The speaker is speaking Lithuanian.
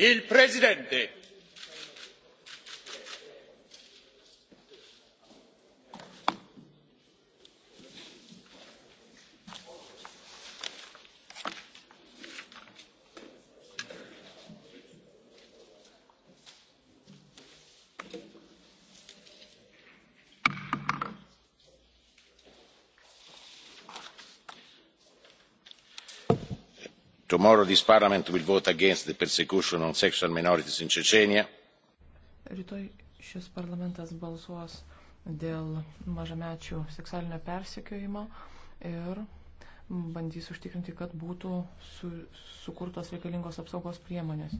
il presidente tomorrow this parliament will vote against the persecution of sexual minorities in chechnya. rytoj šis parlamentas balsuos dėl mažamečių seksualinio persekiojimo ir bandys užtikrinti kad būtų su, sukurtos reikalingos apsaugos priemonės.